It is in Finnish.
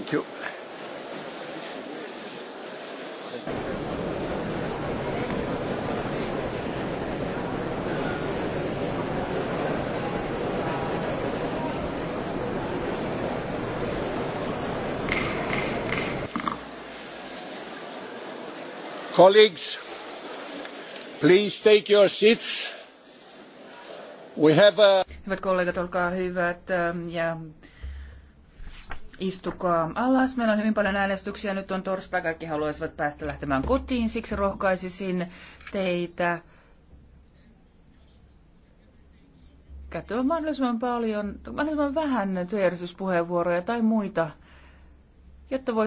Thank Colleagues, please take your seats. We have a... Hyvät kollegat, olkaa hyvät ähm, ja Istukaa alas. Meillä on hyvin paljon äänestyksiä. Nyt on torstai. Kaikki haluaisivat päästä lähtemään kotiin. Siksi rohkaisisin teitä käyttämään mahdollisimman paljon, mahdollisimman vähän työjärjestyspuheenvuoroja tai muita, jotta voi